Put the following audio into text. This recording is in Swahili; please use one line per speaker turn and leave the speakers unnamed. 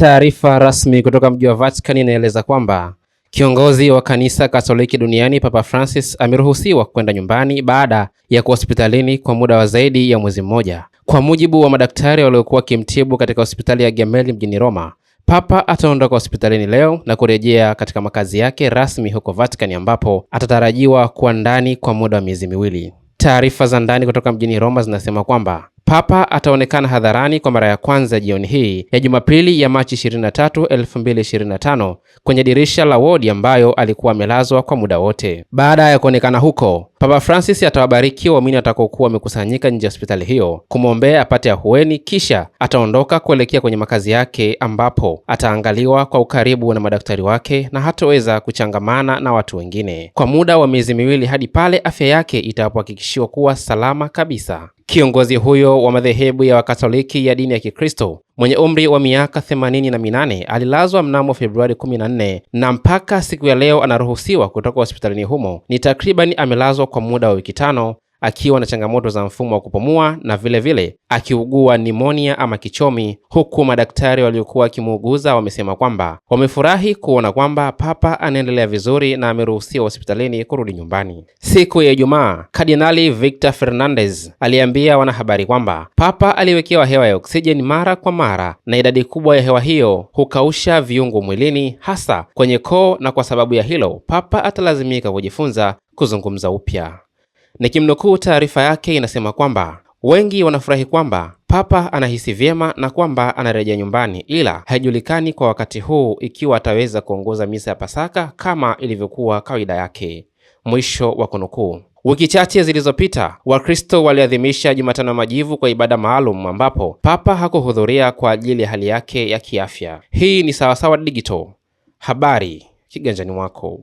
Taarifa rasmi kutoka mji wa Vatican inaeleza kwamba kiongozi wa kanisa Katoliki duniani Papa Francis ameruhusiwa kwenda nyumbani baada ya kuwa hospitalini kwa muda wa zaidi ya mwezi mmoja. Kwa mujibu wa madaktari waliokuwa wakimtibu katika hospitali ya Gemelli mjini Roma, Papa ataondoka hospitalini leo na kurejea katika makazi yake rasmi huko Vatican ambapo atatarajiwa kuwa ndani kwa muda wa miezi miwili. Taarifa za ndani kutoka mjini Roma zinasema kwamba Papa ataonekana hadharani kwa mara ya kwanza jioni hii ya Jumapili ya Machi 23, 2025 kwenye dirisha la wodi ambayo alikuwa amelazwa kwa muda wote. Baada ya kuonekana huko, Papa Francis atawabariki waumini watakaokuwa wamekusanyika nje ya hospitali hiyo kumwombea apate ahueni, kisha ataondoka kuelekea kwenye makazi yake ambapo ataangaliwa kwa ukaribu na madaktari wake na hatoweza kuchangamana na watu wengine kwa muda wa miezi miwili hadi pale afya yake itapohakikishiwa kuwa salama kabisa. Kiongozi huyo wa madhehebu ya Wakatoliki ya dini ya Kikristo mwenye umri wa miaka 88 alilazwa mnamo Februari 14 na mpaka siku ya leo anaruhusiwa kutoka hospitalini humo, ni takribani amelazwa kwa muda wa wiki tano akiwa na changamoto za mfumo wa kupumua na vilevile vile, akiugua nimonia ama kichomi, huku madaktari waliokuwa wakimuuguza wamesema kwamba wamefurahi kuona kwamba Papa anaendelea vizuri na ameruhusiwa hospitalini kurudi nyumbani. Siku ya Ijumaa, Kardinali Victor Fernandez aliambia wanahabari kwamba Papa aliwekewa hewa ya oksijeni mara kwa mara na idadi kubwa ya hewa hiyo hukausha viungo mwilini, hasa kwenye koo, na kwa sababu ya hilo Papa atalazimika kujifunza kuzungumza upya. Nikimnukuu taarifa yake inasema kwamba wengi wanafurahi kwamba Papa anahisi vyema na kwamba anarejea nyumbani, ila haijulikani kwa wakati huu ikiwa ataweza kuongoza misa ya Pasaka kama ilivyokuwa kawaida yake. Mwisho wa kunukuu. Wiki chache zilizopita Wakristo waliadhimisha Jumatano ya Majivu kwa ibada maalum ambapo Papa hakuhudhuria kwa ajili ya hali yake ya kiafya. Hii ni Sawasawa Digital, habari kiganjani mwako.